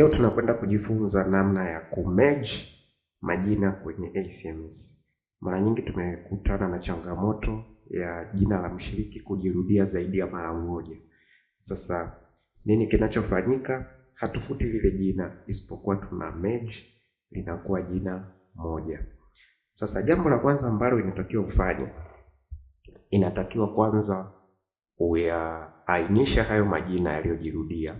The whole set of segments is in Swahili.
Leo tunakwenda kujifunza namna ya kumerge majina kwenye ACMS. Mara nyingi tumekutana na changamoto ya jina la mshiriki kujirudia zaidi ya mara moja. Sasa nini kinachofanyika? Hatufuti lile jina, isipokuwa tuna merge, linakuwa jina moja. Sasa jambo la kwanza ambalo inatakiwa ufanye, inatakiwa kwanza uyaainisha hayo majina yaliyojirudia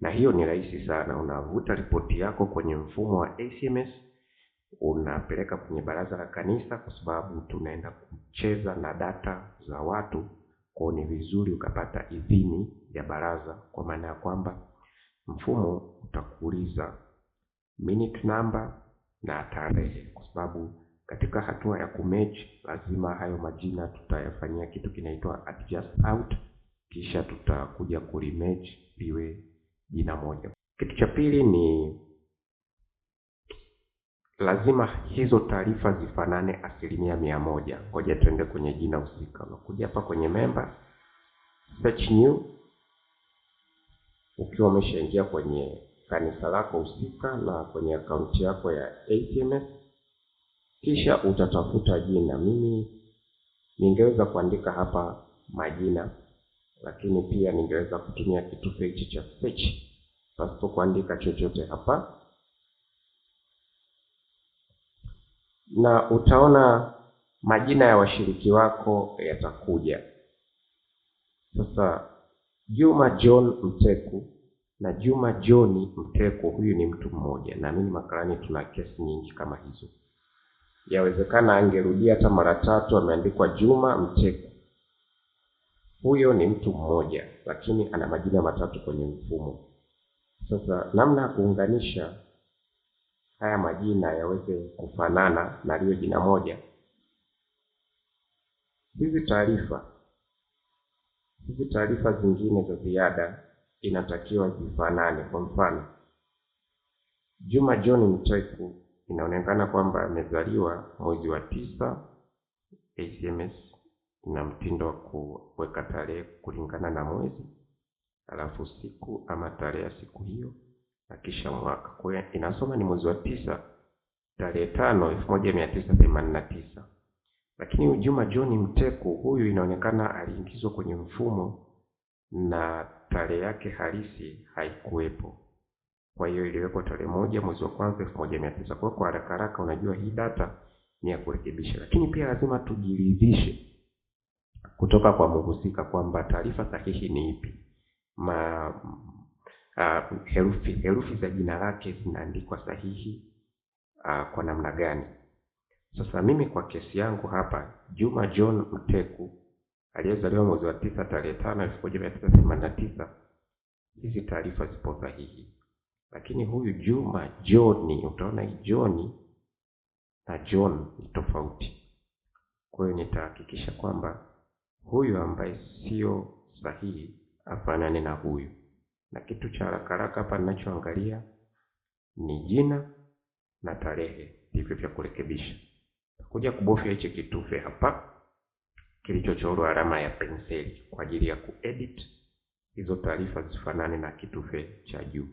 na hiyo ni rahisi sana. Unavuta ripoti yako kwenye mfumo wa ACMS unapeleka kwenye baraza la kanisa, kwa sababu tunaenda kucheza na data za watu kwao. Ni vizuri ukapata idhini ya baraza, kwa maana ya kwamba mfumo utakuuliza minute number na tarehe, kwa sababu katika hatua ya kumatch lazima hayo majina tutayafanyia kitu kinaitwa adjust out, kisha tutakuja kulimechi liwe jina moja. Kitu cha pili ni lazima hizo taarifa zifanane asilimia mia moja. Ngoja tuende kwenye jina husika. Unakuja hapa kwenye member search new, ukiwa umeshaingia kwenye kanisa lako husika na kwenye akaunti yako ya ATMS, kisha utatafuta jina. Mimi ningeweza kuandika hapa majina lakini pia ningeweza kutumia kitufe hichi cha search pasipo kuandika chochote hapa, na utaona majina ya washiriki wako yatakuja. Sasa Juma John Mteku na Juma John Mteku, huyu ni mtu mmoja. Naamini makarani tuna kesi nyingi kama hizo. Yawezekana angerudia hata mara tatu, ameandikwa Juma Mteku. Huyo ni mtu mmoja, lakini ana majina matatu kwenye mfumo. Sasa namna ya kuunganisha haya majina yaweze kufanana na liwe jina moja, hizi taarifa hizi taarifa zingine za ziada inatakiwa zifanane. Kwa mfano, Juma John Mteku inaonekana kwamba amezaliwa mwezi wa tisa ACMS na mtindo wa kuweka tarehe kulingana na mwezi, alafu siku ama tarehe ya siku hiyo na kisha mwaka. Kwa hiyo inasoma ni mwezi wa tisa tarehe tano elfu moja mia tisa themanini na tisa. Lakini Juma John Mteku huyu inaonekana aliingizwa kwenye mfumo na tarehe yake halisi haikuwepo. Kwa hiyo iliwekwa tarehe moja mwezi wa kwanza elfu moja mia tisa. Kwa hiyo kwa haraka haraka, unajua hii data ni ya kurekebisha, lakini pia lazima tujiridhishe kutoka kwa mhusika kwamba taarifa sahihi ni ipi ma uh, herufi, herufi za jina lake zinaandikwa sahihi uh, kwa namna gani. Sasa mimi kwa kesi yangu hapa, Juma John Mteku aliyezaliwa mwezi wa tisa tarehe tano elfu moja mia tisa themanini na tisa hizi taarifa zipo sahihi, lakini huyu Juma John, utaona hii John na John ni tofauti. Kwa hiyo nitahakikisha kwamba huyu ambaye sio sahihi afanane na huyu. Na kitu cha haraka haraka hapa ninachoangalia ni jina na tarehe, hivyo vya kurekebisha. Kuja kubofya hichi kitufe hapa kilichochorwa alama ya penseli kwa ajili ya kuedit hizo taarifa zifanane na kitufe cha juu.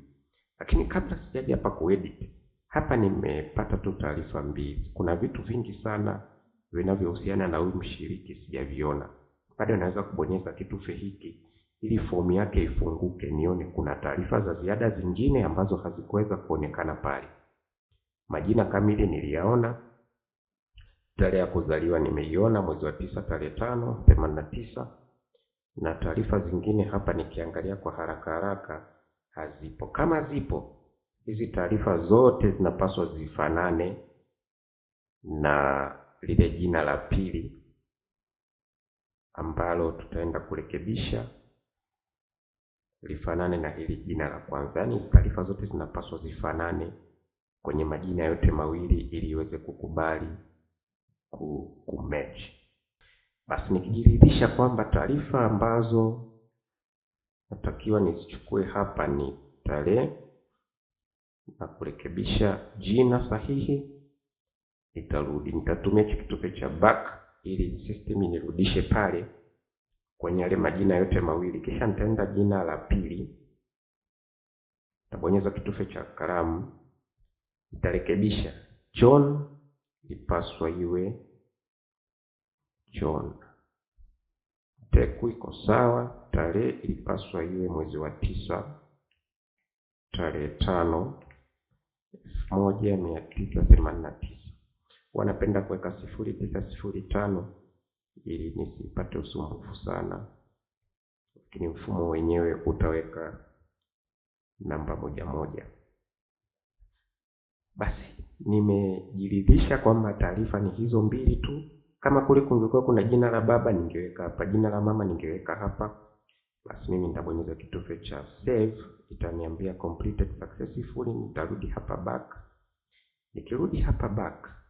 Lakini kabla sijaji hapa kuedit, hapa nimepata tu taarifa mbili. Kuna vitu vingi sana vinavyohusiana na huyu mshiriki sijaviona bado naweza kubonyeza kitufe hiki ili fomu yake ifunguke, nione kuna taarifa za ziada zingine ambazo hazikuweza kuonekana pale. Majina kamili niliyaona, tarehe ya kuzaliwa nimeiona, mwezi wa tisa tarehe tano themanini na tisa na taarifa zingine hapa nikiangalia kwa haraka haraka hazipo. Kama zipo, hizi taarifa zote zinapaswa zifanane na lile jina la pili ambalo tutaenda kurekebisha lifanane na hili jina la kwanza. Yaani taarifa zote zinapaswa zifanane kwenye majina yote mawili ili iweze kukubali match. Basi nikijiridhisha kwamba taarifa ambazo natakiwa nizichukue hapa ni tarehe na kurekebisha jina sahihi, nitarudi nitatumia kitufe cha back ili system inirudishe pale kwenye yale majina yote mawili. Kisha nitaenda jina la pili, nitabonyeza kitufe cha kalamu, nitarekebisha. John ipaswa iwe John. Teku iko sawa. Tarehe ilipaswa iwe mwezi wa tisa tarehe tano elfu moja mia tisa themanini na tisa wanapenda kuweka sifuri kuweka sifuri tano ili nisipate usumbufu sana, lakini mfumo wenyewe utaweka namba moja moja. Basi nimejiridhisha kwamba taarifa ni hizo mbili tu. Kama kule kungekuwa kuna jina la baba ningeweka hapa, jina la mama ningeweka hapa. Basi mimi nitabonyeza kitufe cha save, itaniambia completed successfully. Nitarudi hapa back. Nikirudi hapa back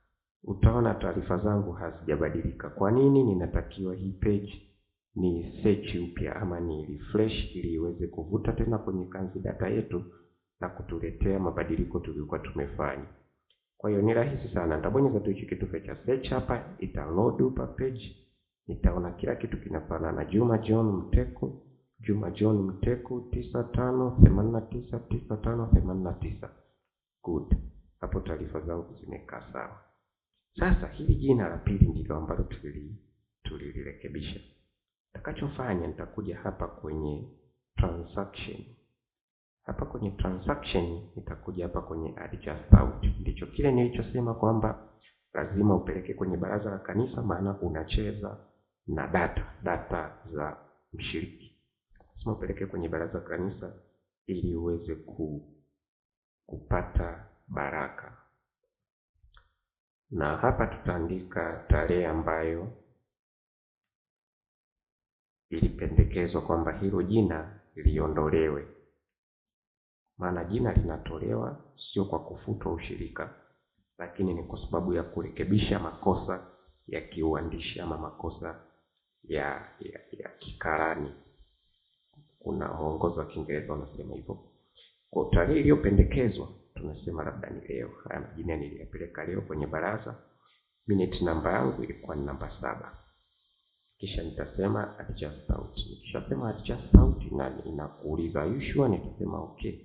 utaona taarifa zangu hazijabadilika. Kwa nini? Ninatakiwa hii page ni search upya ama ni refresh ili iweze kuvuta tena kwenye kanzi data yetu na kutuletea mabadiliko tuliyokuwa tumefanya. Kwa hiyo ni rahisi sana, nitabonyeza tu hichi kitufe cha search hapa, ita load upa page. Nitaona kila kitu kinafanana, Juma John Mteko, Juma John Mteko 95899589. Good, hapo taarifa zangu zimekaa sawa. Sasa hili jina la pili ndilo ambalo tulilirekebisha. takachofanya nitakuja hapa kwenye transaction, hapa kwenye transaction nitakuja hapa kwenye adjust out. Ndicho kile nilichosema kwamba lazima upeleke kwenye baraza la kanisa, maana unacheza na data data za mshiriki. Lazima upeleke kwenye baraza la kanisa ili uweze ku, kupata baraka na hapa tutaandika tarehe ambayo ilipendekezwa kwamba hilo jina liondolewe, maana jina linatolewa sio kwa kufutwa ushirika, lakini ni kwa sababu ya kurekebisha makosa ya kiuandishi ama makosa ya ya, ya kikarani. Kuna mwongozo wa Kiingereza unasema hivyo. Kwa tarehe iliyopendekezwa tunasema labda ni leo. Haya majina niliyapeleka leo kwenye baraza. Minute namba yangu ilikuwa ni namba saba. Kisha nitasema adjust out. Nikishasema adjust out na inakuuliza are you sure, nitasema okay,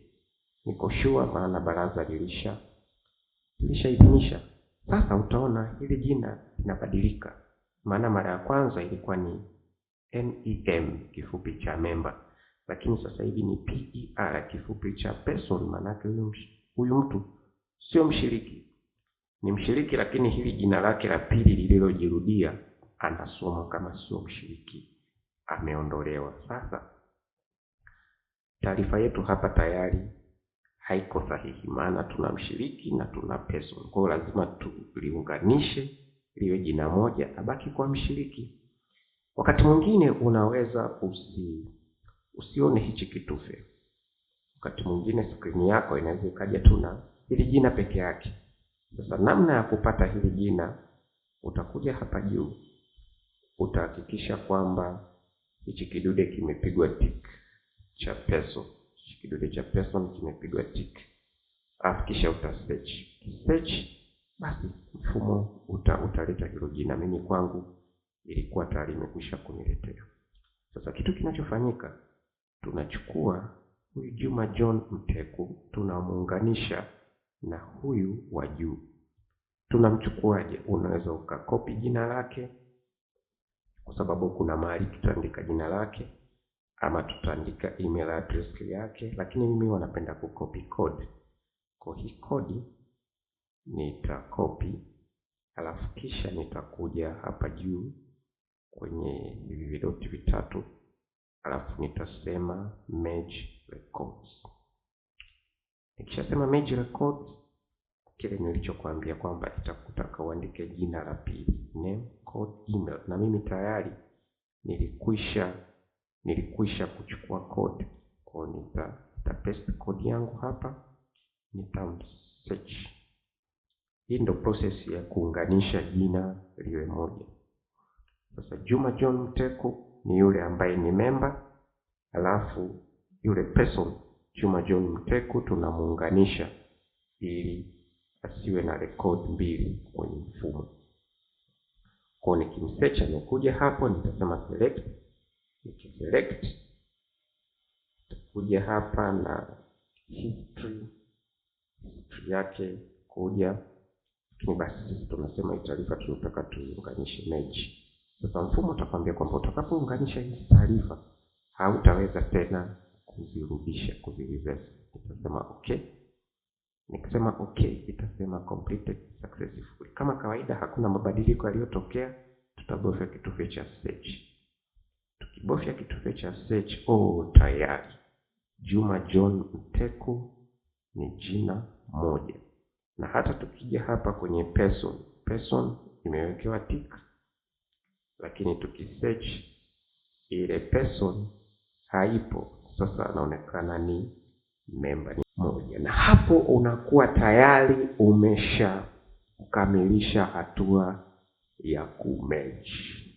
niko sure, maana baraza lilisha lilishaidhinisha. Sasa utaona hili jina linabadilika, maana mara ya kwanza ilikuwa ni MEM kifupi cha member, lakini sasa hivi ni PER kifupi cha person, maanake huyu huyu mtu sio mshiriki, ni mshiriki, lakini hili jina lake la pili lililojirudia anasoma kama sio mshiriki, ameondolewa. Sasa taarifa yetu hapa tayari haiko sahihi, maana tuna mshiriki na tuna person. Kwa hiyo lazima tuliunganishe liwe jina moja, abaki kwa mshiriki. Wakati mwingine unaweza usi usione hichi kitufe Wakati mwingine skrini yako inaweza ikaja tu na hili jina peke yake. Sasa namna ya kupata hili jina, utakuja hapa juu, utahakikisha kwamba hichi kidude kimepigwa tick cha peso, hichi kidude cha peso kimepigwa tick, alafu kisha uta search search, basi mfumo uta, utaleta hilo jina. Mimi kwangu ilikuwa tayari imekwisha kuniletea. Sasa kitu kinachofanyika tunachukua Huyu Juma John Mteku tunamuunganisha na huyu wa juu, tunamchukuaje? Unaweza ukakopi jina lake, kwa sababu kuna mahali tutaandika jina lake ama tutaandika email address yake, lakini mimi wanapenda kukopi code. Kwa hii kodi nitakopi, alafu kisha nitakuja hapa juu kwenye hivi vidoti vitatu alafu nitasema merge records. Nikishasema merge records, kile nilichokuambia kwamba itakutaka uandike jina la pili, name, code, email, na mimi tayari nilikwisha nilikwisha kuchukua code kwa nita, nita paste code yangu hapa, nita search. Hii ndo process ya kuunganisha jina liwe moja. Sasa Juma John mteko ni yule ambaye ni memba alafu yule person Chuma John Mteku tunamuunganisha ili asiwe na record mbili kwenye mfumo. Kwa nikimsearch amekuja hapo, nitasema select. Nikiselect takuja hapa na history, history yake kuja, lakini basi sisi tunasema hii taarifa tunataka tuiunganishe meji sasa mfumo utakwambia kwamba utakapounganisha hizi taarifa hautaweza tena kuzirudisha kuzireverse. Utasema okay. Nikisema okay, itasema completed successfully. Kama kawaida hakuna mabadiliko yaliyotokea, tutabofya kitufe cha search. Tukibofya kitufe cha search, oh, tayari Juma John Mteku ni jina moja, na hata tukija hapa kwenye person, person imewekewa tick lakini tukisearch ile person haipo. Sasa anaonekana ni memba moja, na hapo unakuwa tayari umeshakamilisha hatua ya kumerge.